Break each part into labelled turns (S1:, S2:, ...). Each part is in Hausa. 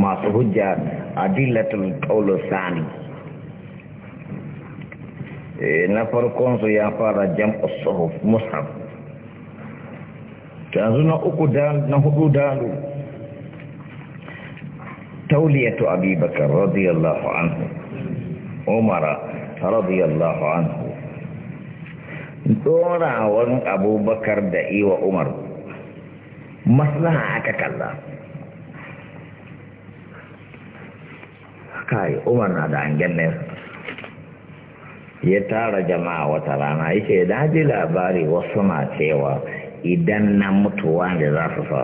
S1: masu hujja adillatul qawlu sani na farkon su ya fara jam'u suhuf mushaf yanzu na uku da na hudu dalu tauliyatu abubakar radiyallahu anhu umara radiyallahu anhu dorawan abubakar da iwa umar maslaha aka kalla kai umar na da hangen ne. ya tara jama'a wata rana yake da ji labari wasu na cewa idan na mutuwa da za su sa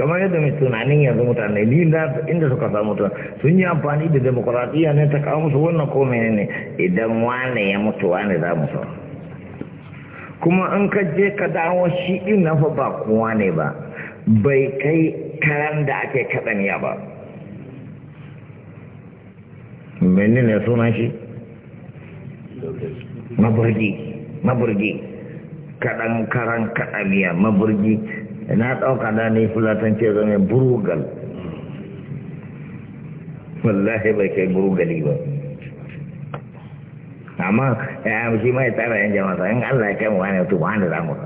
S1: kamar yadda mai tunanin yanzu mutane lila inda suka sa mutu sun yi amfani da demokuraɗiyya ne ta kawo musu wannan komai ne idan wane ya mutuwa wane za mu sa kuma an ka je ka dawo shi ɗin na fa ba kowa ne ba bai kai karan da ake kaɗaniya ba menene sunan shi maburgi maburgi kaɗan karan kaɗaniya maburgi na ɗauka da ne ce zama burugal wallahi bai kai burugali ba amma ya shi mai tsara yan jama'a in Allah ya kai mu wani to wani zamu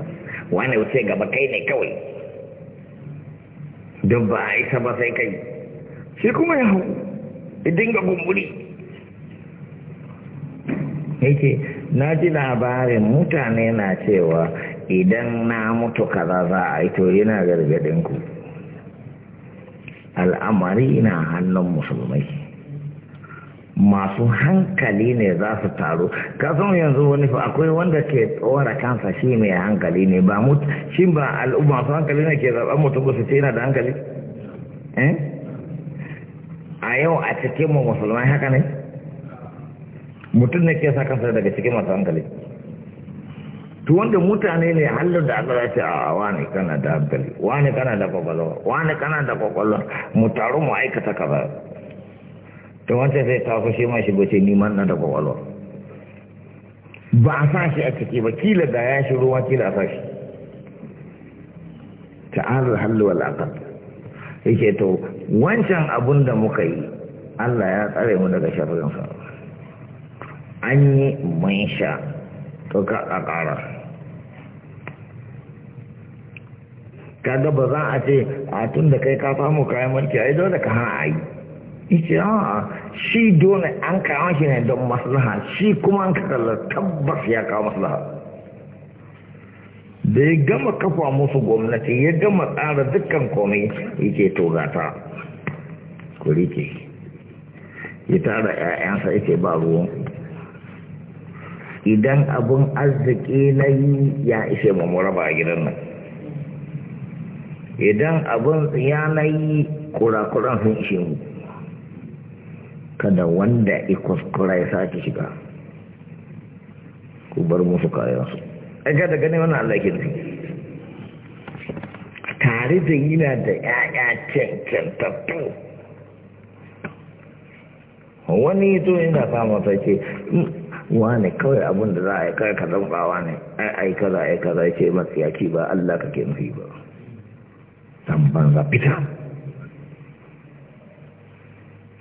S1: wani wuce gaba kai ne kawai don ba a isa ba sai kai shi kuma ya hau idan ga gumburi. yake na ji labarin mutane na cewa idan na mutu kaza za a yi to yana gargadinku al'amari na hannun musulmai masu hankali ne za su taru kasan yanzu wani fa akwai wanda ke tsawara kansa shi mai hankali ne ba mutu shi ba al'umma su hankali ne ke zaɓen ko su ce yana da hankali eh? a yau a cikin mu musulmai haka ne mutum ne ke sa kansa daga cikin masu hankali tu wanda mutane ne halin da aka ce a wani kana da hankali wani kana da kwakwalwa wani kana da kwakwalwa mu taru mu aikata ka ba to wancan sai ta fushe ma shi ce niman na da kwakwalwa ba a sa shi a ciki ba kila da ya shi ruwa kila a sa shi ta'arul da wal aqal yake to wancan abun da muka yi Allah ya tsare mu daga sharrin sa an yi mai sha to ka a ƙara kaga ba za a ce a tun da kai ka samu kayan mulki a yi dole ka hana a yi ce a shi dole an kawo shi ne don maslaha shi kuma an kakalla tabbas ya kawo maslaha da ya gama kafa musu gwamnati ya gama tsara dukkan komai yake to gata ku rike ya tara 'ya'yansa yake ba ruwan idan abun arziki na yi ya ishe mu raba a gidan nan idan abun ya na yi kurakuran sun ishe mu kada wanda ikuskura ya sake shiga ku bar musu kayansu aika da gani wani allah ke nufi tare da yana da ‘ya'ya cancantattu wani to yana fama sake mm, wane kawai abin da za a yi kai ka zambawa ne ai ai kaza ai kaza ce yaki ba Allah kake nufi ba dan banza fita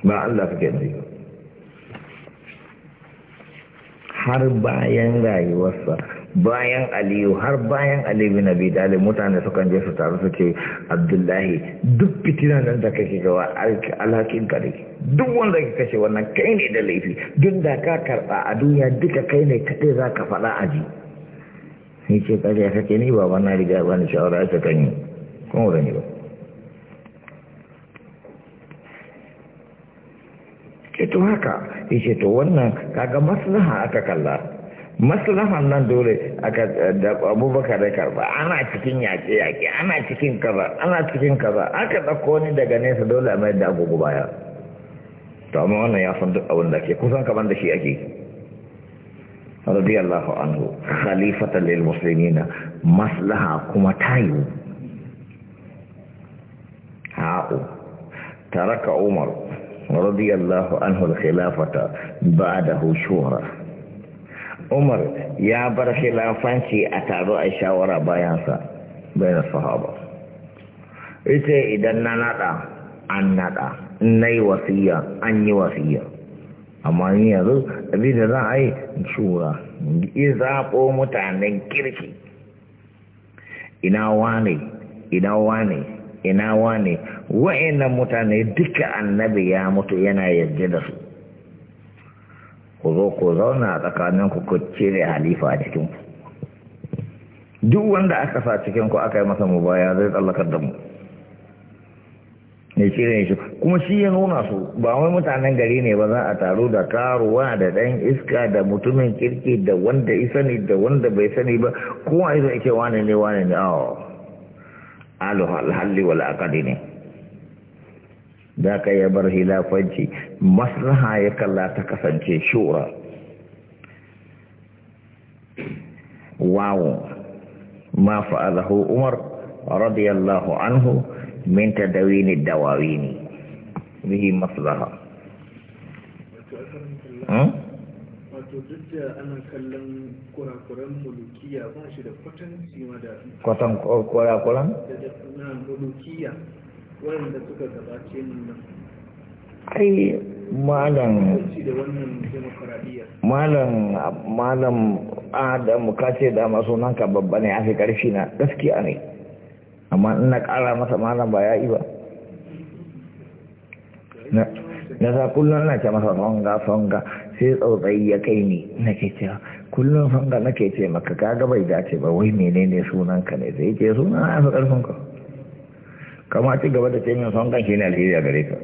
S1: ba Allah kake nufi ba har bayan rayuwarsa bayan aliyu har bayan aliyu na bidali mutane sukan je su taru su ce abdullahi duk fitina nan da kake gawa alhakin kare duk wanda ka kashe wannan kai ne da laifi duk da ka karɓa a duniya duka kai ne kaɗai za ka faɗa a ji ni ce ƙarya kake ni ba na riga ba ni shawara ta kan yi kuma wurin yi ba ce to haka ya ce to wannan kaga maslaha aka kalla maslahan nan dole aka eh, da abubakar da karba ana cikin yaƙe yaƙe ana cikin kaza ana cikin kaza aka ɗauko ni daga nesa dole a mai da agogo baya to amma wannan ya san duk abin da ke kusan kaman da shi ake radiyallahu anhu khalifata lil muslimina maslaha kuma tayu ha'u taraka umar radiyallahu anhu al khilafata ba'dahu shura umar ya bar khilafanci a taro a shawara bayansa bayan sahaba ita idan na nada an nada na yi wasiya an yi wasiya amma ni yanzu abinda za a yi shura zaɓo mutanen kirki ina wane ina wane ina wane wa'annan mutane duka annabi ya mutu yana yarda da su ku zo ku zauna a tsakaninku ku cire halifa a cikinku duk wanda aka sa cikinku aka yi masa mu baya zai tsallakar da mu ne cire shi kuma shi ya nuna su ba wai mutanen gari ne ba za a taru da karuwa da ɗan iska da mutumin kirki da wanda isa ne da wanda bai sani ba kowa ya ake wane ne wane ne a alhalli wal akadi ne da ka ya bar hilafanci maslaha ya kalla ta kasance shura wawo ma fa'alahu umar radiyallahu anhu min tadawini dawawini bihi maslaha hmm? wato duk da ana kallon kurakuran mulukiya ba shi da kwatan sima da kwatan kurakuran da mulukiya wanda suka gabace mu nan kai malam malam malam adam ka ce da masu nan ka babba ne a fi karfi na gaskiya ne amma ina kara masa malam ba ya yi ba na sa kullum na ce masa songa songa sai tsautsayi ya kai ni na ke ce kullum songa na ke ce maka kaga bai dace ba wai menene sunan ka ne sai ce sunan a fi karfin ka kama ci gaba da ce min songa shi ne alheri a gare ka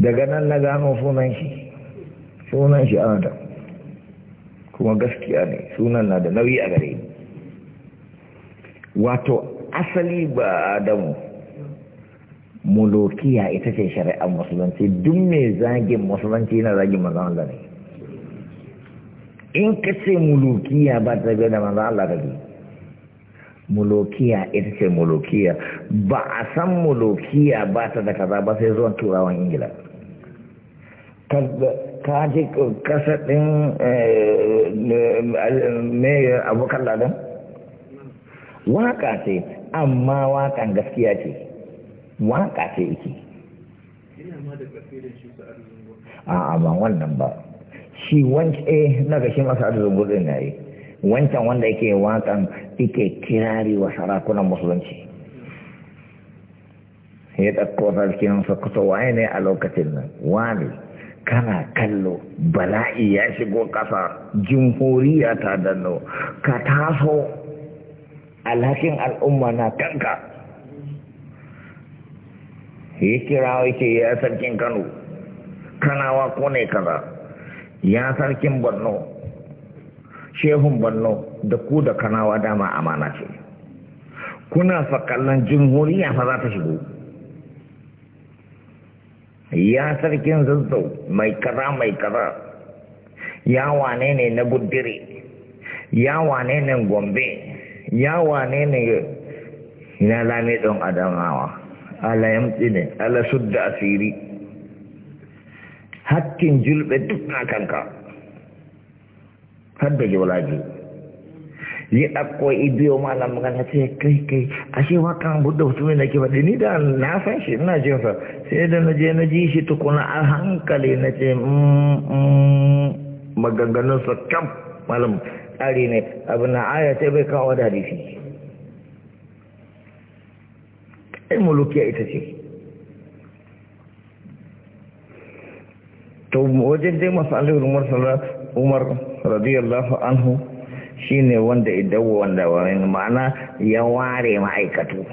S1: daga nan na gano sunan shi sunan shi adam kuma gaskiya ne sunan na da nauyi a gare ni wato asali ba adamu mulokiya ita ce shari'ar musulunci duk mai zagin musulunci na zagin mazan da ne in ka ce mulukiya ba ta da mazan Allah ne, mulokiya ita ce mulokiya ba a san mulokiya ba ta da kaza ba sai zuwan turawan ingila Kaji kasadin eh, eh, me abokan ladan? Waka ce, amma wakan gaskiya ce, waka ce iki. A'a ba wannan ba, shi wancan eh na ga shi masa da zungurin yi, wancan wanda yake wakan ike kirari wa sarakunan musulunci. Ya ɗauko sarkin sa kusa waye ne a lokacin nan, wani. kana kallo bala'i ya shigo ƙasa jimhuriya ta danno ka taso alhakin al'umma na kanka ya kira ya sarkin kano kanawa ko ne kaza ya sarkin borno shehun borno da ku da kanawa dama amana ce kuna fakallon jimhuriya fa za ta shigo ya sarkin zazzau mai kaza mai kaza ya wane ne na buddire ya wane ne gombe ya wane ne na lami don adamawa ala yamtsi ne ala shudda asiri hakkin julbe duk na kanka har da jaulaji ya ɗauko ibiyo malam magana ce kai kai ashe wakan buɗe mutumin da ke faɗi ni da na san shi ina jin sa sai da na je na ji shi tukuna a hankali na ce maganganun sa kam malam tsari ne abu na aya ce bai kawo da hadisi ai eh, mulukiya ita ce to wajen dai masu alaihi umar radiyallahu anhu Shi ne wanda idan wanda wani ma'ana ya ware ma'aikatu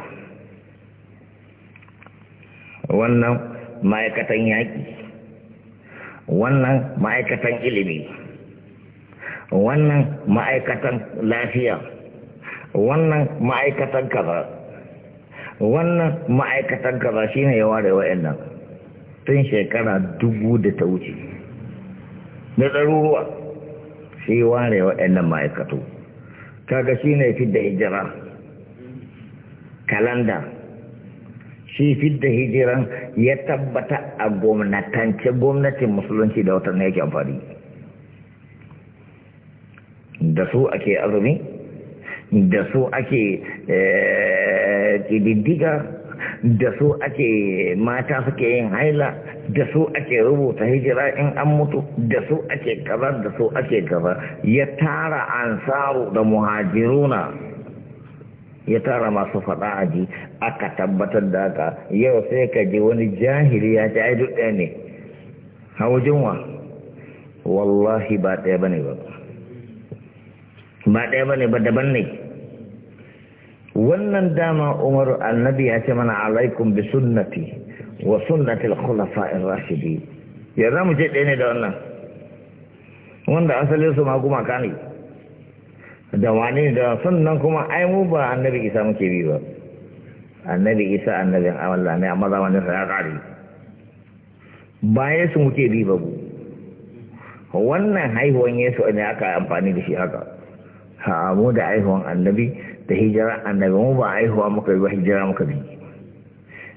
S1: wannan ma'aikatan yaƙi wannan ma'aikatan ilimi wannan ma'aikatan lafiya wannan ma'aikatan kaza wannan ma'aikatan kaza shi ne ya ware wa'annan tun shekara dubu da ta wuce da ɗaruruwa shi ware waɗannan ma'aikatu kaga shi ne fidda hijira kalanda shi fidda hijiran ya tabbata a gwamnatance gwamnatin musulunci da watan yake amfani da su ake azumi da su ake eh, ƙididdiga da su ake mata suke yin haila da su ake rubuta hijira in an mutu da su ake kaza da su ake kaza ya tara ansaru da muhajiruna ya tara masu faɗa aji aka tabbatar da haka yau sai ka je wani jahili ya ce ai ne hawajin wa wallahi ba ɗaya bane ba ba ɗaya bane ba daban ne wannan dama umaru annabi ya ce mana alaikum bi sunnati wa sunnatil khulafa'ir rashidi ya za mu je ɗaya ne da wannan wanda asalin su ma kuma kani da wani da sunnan kuma ai mu ba annabi isa muke bi ba annabi isa annabin Allah ne amma zamanin sa ya kare ba yesu muke bi ba wannan haihuwan yesu ne aka amfani da shi haka ha mu da haihuwan annabi da hijira annabi mu ba haihuwa muka yi ba hijira muka bi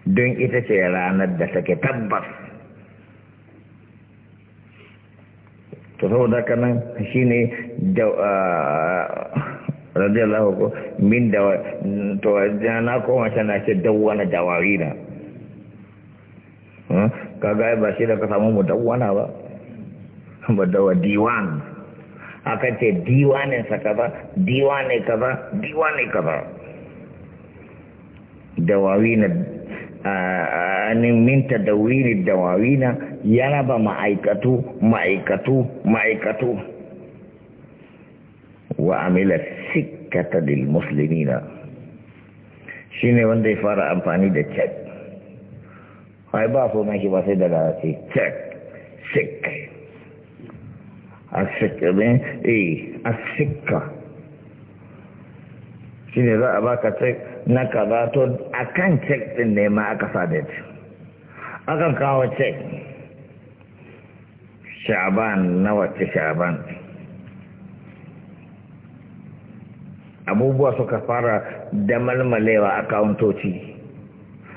S1: don ita ce ranar da take tabbas to saboda kanan shi ne da radiyallahu ko min da wajen na koma shana ce dawwana dawarina hm? kaga ba shi da ka samu mu dawwana ba ba dawa diwan aka ce diwanin sa kaza diwanin kaza diwane kaza na min tadawiri dawawina ya raba ma'aikatu ma'aikatu ma'aikatu wa amila sikkata lil muslimina shine wanda ya fara amfani da check hai ba so shi ba sai da lalace check sick asikka ne eh, eh asikka shine za a baka check na kaza to a kan cek ɗin ne ma aka sa date akan kawo cek sha'aban na wacce sha'aban abubuwa suka fara da malmalewa a kawuntoci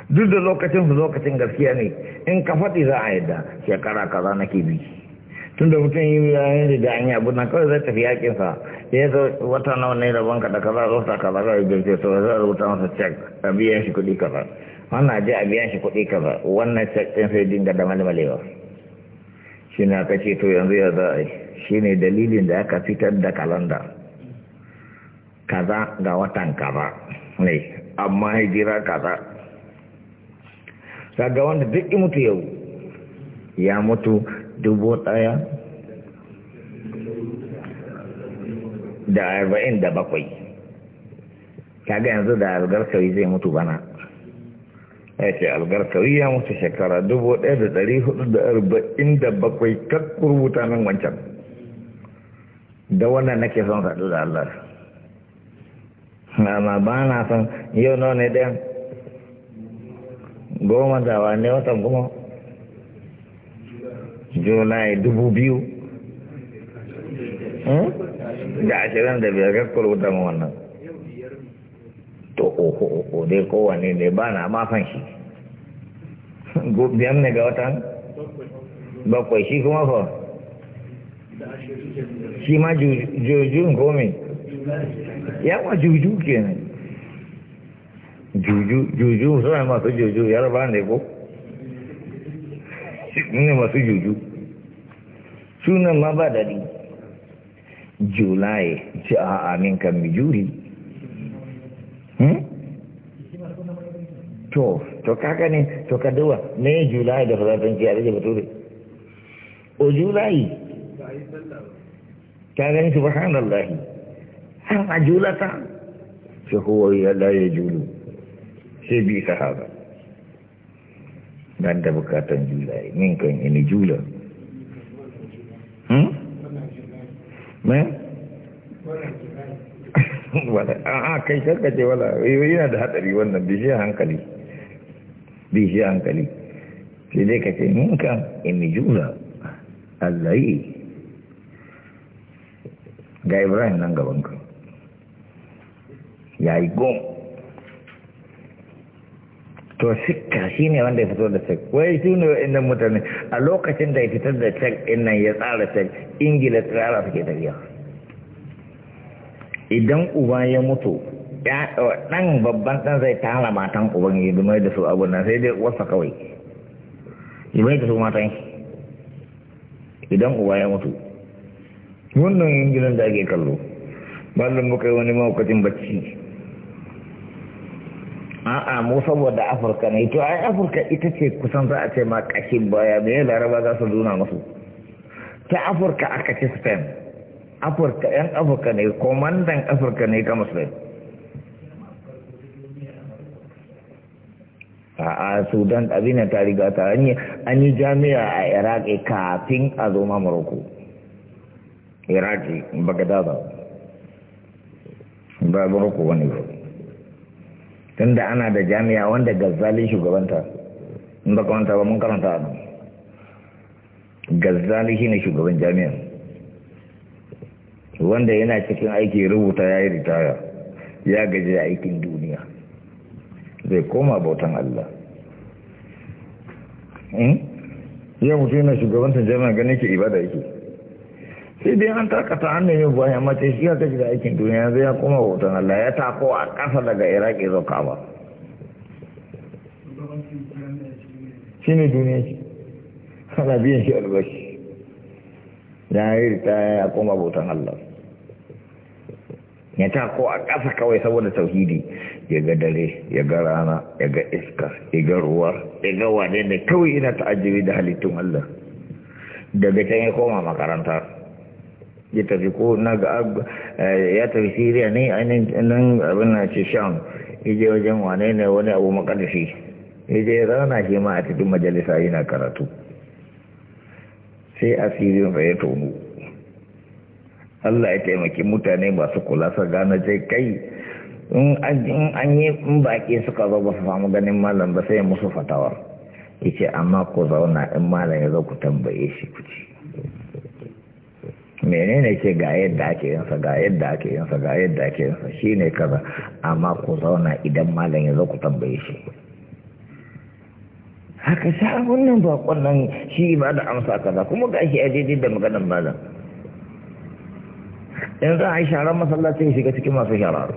S1: duk da lokacin su lokacin gaskiya ne in ka faɗi za a yadda shekara kaza nake bi tunda mutum yi yayin da an yi abu na kawai zai tafi yakin sa ya zo wata nawa ne da banka da kaza zo ta kaza ga gaje to zai rubuta masa check a biyan shi kuɗi kaza wannan je a biyan shi kuɗi kaza wannan check din sai dinga da malmalewa shi ne aka ce to yanzu ya za a shi ne dalilin da aka fitar da kalanda kaza ga watan kaza ne amma hijira kaza ga wanda duk mutu yau ya mutu dubu ɗaya da arba'in da bakwai kaga yanzu da algarkawi zai mutu bana ya ce algarkawi ya mutu shekara dubu ɗaya da ɗari hudu da arba'in da bakwai kakkur rubuta nan wancan da wannan nake son sadu da Allah amma ba na son yau nawa ne ɗayan goma da wane watan goma ya dubu biyu hmm? da ashirin da biyar gaskar wuta mu wannan to oho oho dai kowane ne ba na mafan shi biyan ne ga watan bakwai shi kuma fa shi ma jujun komi yawa juju kenan juju juju suna masu juju yarba ne ko ne masu juju sunan ma ba dadi. Julai. ce a amin kan mijuri hmm? to to kaka ne to ka dawa ne julai da faransanci a rage bature o julai ta gani subhanallah an julata shi kowai ya laye julu sai bi sahaba nan da bukatan julaye min kan ini jula hmm? wala a kai karkace wala yana da hatsari wannan bishiyar hankali bishiyar hankali sai dai ka ce min kan ini jula allah yi ga ibrahim nan gabanka ya yi gom to sikka shi ne wanda ya fito da cek wai su ne wa'inda mutane a lokacin da ya fitar da cek ɗin ya tsara cek ingila tsara suke tafiya idan uba ya mutu ɗan babban ɗan zai tara matan uban ya dumai da su abu nan sai dai wasa kawai dumai da su matan idan uba ya mutu wannan yin gidan da ake kallo ballon muka yi wani maukacin bacci a'a mu saboda afirka ne to ai afirka ita ce kusan za a ce ma kashin baya me laraba za su nuna musu ta afirka aka ci spain afirka yan afirka ne komandan afirka ne ga musulun a sudan abin ta riga ta an yi jami'a a iraq kafin a zo ma morocco iraq bagdad ba morocco wani ba tunda ana da jami'a wanda gazzalin shugabanta in ba kamanta ba mun karanta nan gazzali ne shugaban jami'a wanda yana cikin aiki rubuta ya yi ritaya ya gaji da aikin duniya zai koma bautan Allah hmm? yau mutum yana shugabantar jami'a ganin ke ibada yake sai dai an takata an nemi bayan mace shi ya gaji aikin duniya zai ya kuma hoton Allah ya tako a ƙasa daga iraki zo kaba shi ne duniya shi ana biyan shi albashi ya yi rita ya kuma hoton Allah ya tako a ƙasa kawai saboda tauhidi ya ga dare ya ga rana ya ga iska ya ga ruwa ya ga wane ne kawai ina ta'ajiri da halittun Allah daga can ya koma makaranta ya tafi ko na ga eh, ya tafi siriya ne ainihin abin na ce sham Ije wajen wane ne wani abu makarfi ya je rana shi ma a cikin majalisa yana karatu sai a asirin ya tonu Allah ya taimaki mutane masu kula sa gane sai kai in an yi in baƙi suka zo ba su samu ganin malam ba sai musu fatawar ce amma ku zauna in malam ya zo ku tambaye shi ku ce Mene ne ce ga yadda ake yinsa ga yadda ake yinsa ga yadda ake yinsa shi ne kaza amma ku zauna idan malam ya zo ku tambaye shi haka sha wannan nan bakon nan shi ba da amsa kaza kuma ga shi ajeji da maganar malam in za a yi sharar masallaci ya shiga cikin masu sharar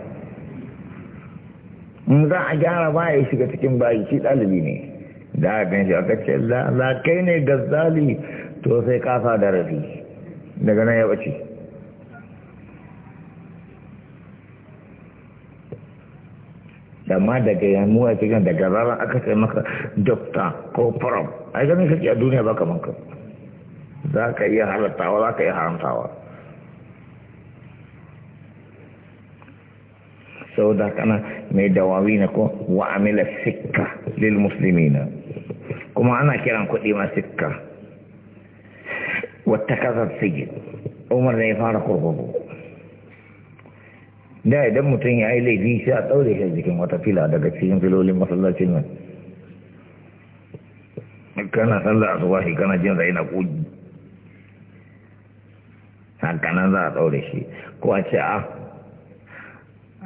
S1: in za a gyara ba ya shiga cikin bayi shi ɗalibi ne da a gan shi aka ce za kai ne gazzali to sai kafa da rafi daga nan ya bace ma daga yamu a cikin daga rara aka sai maka dokta ko prom a ganin kake a duniya ba kamar manka za ka iya halattawa za ka iya haramtawa sau da kana mai dawawi na ko wa'amila sikka lil musulmi na kuma ana kiran kuɗi ma sikka wata kasar sigin umar ne ya fara kurkuku da idan mutum ya yi laifi shi, a tsaure shi jikin wata fila daga cikin filolin masallacin nan kana sallar zuwa shi kana jin zai na ƙugi hankanan za a tsaure shi ko a ce a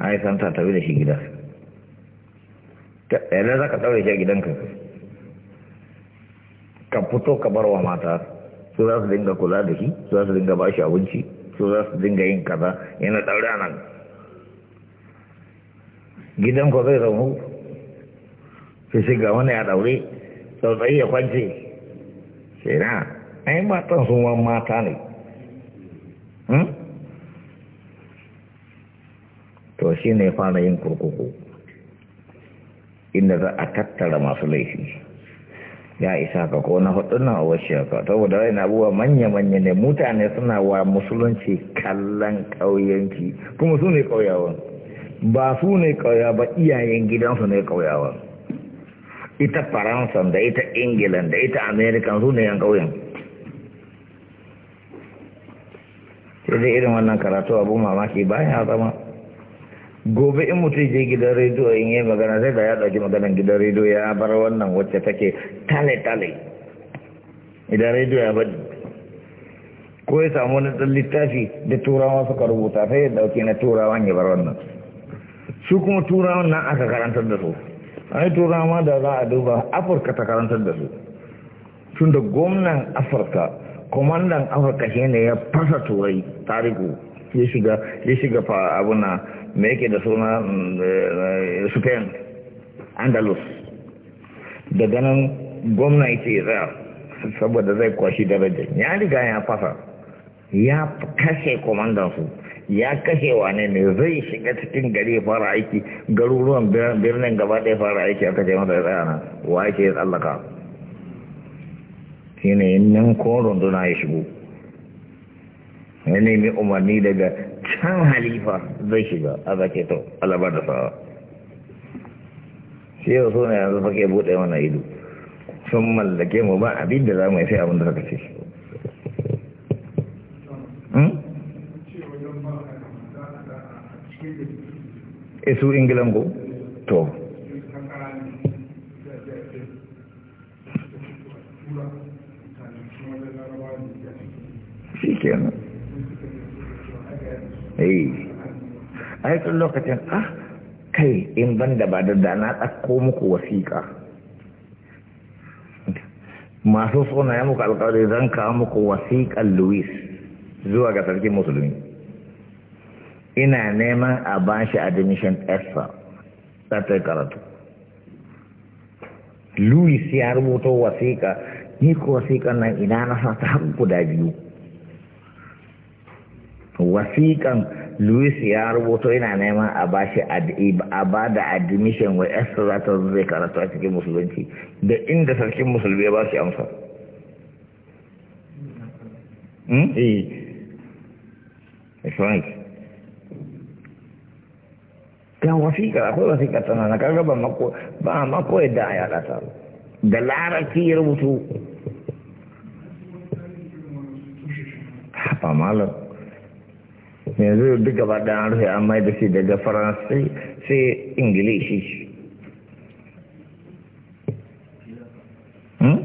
S1: a yi santa bi da shi gida ɗaya za ka tsaure shi a gidanka ka fito ka bar wa mata su za su dinga kula da shi su za su dinga ba shi abinci su za su dinga yin kaza yana ɗaure a nan gidan ku zai zaunu sai sai ga wani ya ɗaure tsautsayi ya kwance sai na ai matan sun wani mata ne hmm? to shi ne fara yin kurkuku inda za a tattara masu laifi ya isa ka ko na hudu na awashiya ka saboda wani abubuwa manya-manya ne mutane suna wa musulunci kallon ƙauyenki kuma su ne ƙauyawan ba su ne ƙauya ba iyayen gidansu ne ƙauyawan ita faransan da ita ingilan da ita amerikan su ne yan ƙauyen sai dai irin wannan karatu abu mamaki bayan ya zama gobe in mutum je gidan rediyo in yi magana sai da ya ɗauki maganan gidan rediyo ya bar wannan wacce take tale-tale idan rediyo ya bari ko ya samu wani ɗan littafi da turawa suka rubuta sai ya ɗauki na turawan ya bar wannan su kuma turawan nan aka karantar da su yi turawa da za a duba afirka ta karantar da su tun da gwamnan afirka kwamandan afirka shi ne ya fasa turai tariku ya shiga abuna me yake da suna eh, spain andalus da nan gwamna ce za saboda zai kwashi daraja ya riga ya fasa ya kashe komandansu ya kashe wane ne zai shiga cikin gari fara aiki garuruwan birnin gaba ɗaya fara aiki aka kashe masa ya tsaya na wa yake ya tsallaka shi ne nan koron runduna ya shigo ya nemi umarni daga can halifa zai shiga a zake to alaba da sawa shi yau so ne yanzu fake buɗe mana ido sun mallake mu ba abin da za mu yi sai abin da suka ce hmm? eh, su ingilan ko to shi kenan a yakin lokacin ah kai in ban da ba da na ɗauko muku wasiƙa masu suna ya muku alkawari zan kawo muku wasiƙan luis zuwa ga sarkin musulmi ina neman a ba shi admission extra ta karatu luis ya rubuta wasiƙa ni ko wasiƙan nan ina na sata har guda biyu wasiƙan Luis ya rubuto yana neman a shi a ba da admission wa Esther za ta zai karatu a cikin musulunci da inda sarkin musulmi ya ba shi amsa hmm? eh. ga wasiƙa akwai wasiƙa tana na kaga ba mako ba mako yadda a yada ta da larabci ya rubutu ba malar. yanzu duk gaba da an rufe an mai da shi daga faransa sai ingilishi hmm?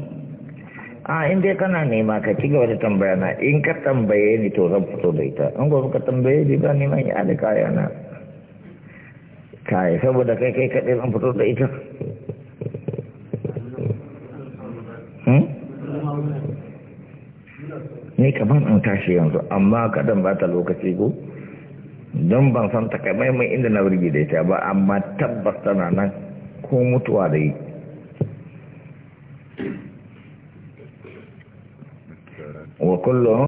S1: a inda dai kana nema ka ci gaba da tambaya na in ka tambaye ni to zan fito da ita in gobe ka tambaye ni ba neman ya da kaya na kaya saboda kai kai kaɗai zan fito da ita ne kamar an tashi yanzu amma kadan ba ta lokaci ko don ban san takamaiman inda na wurgi da ita ba amma tabbas tana nan ko mutuwa da yi wa kullum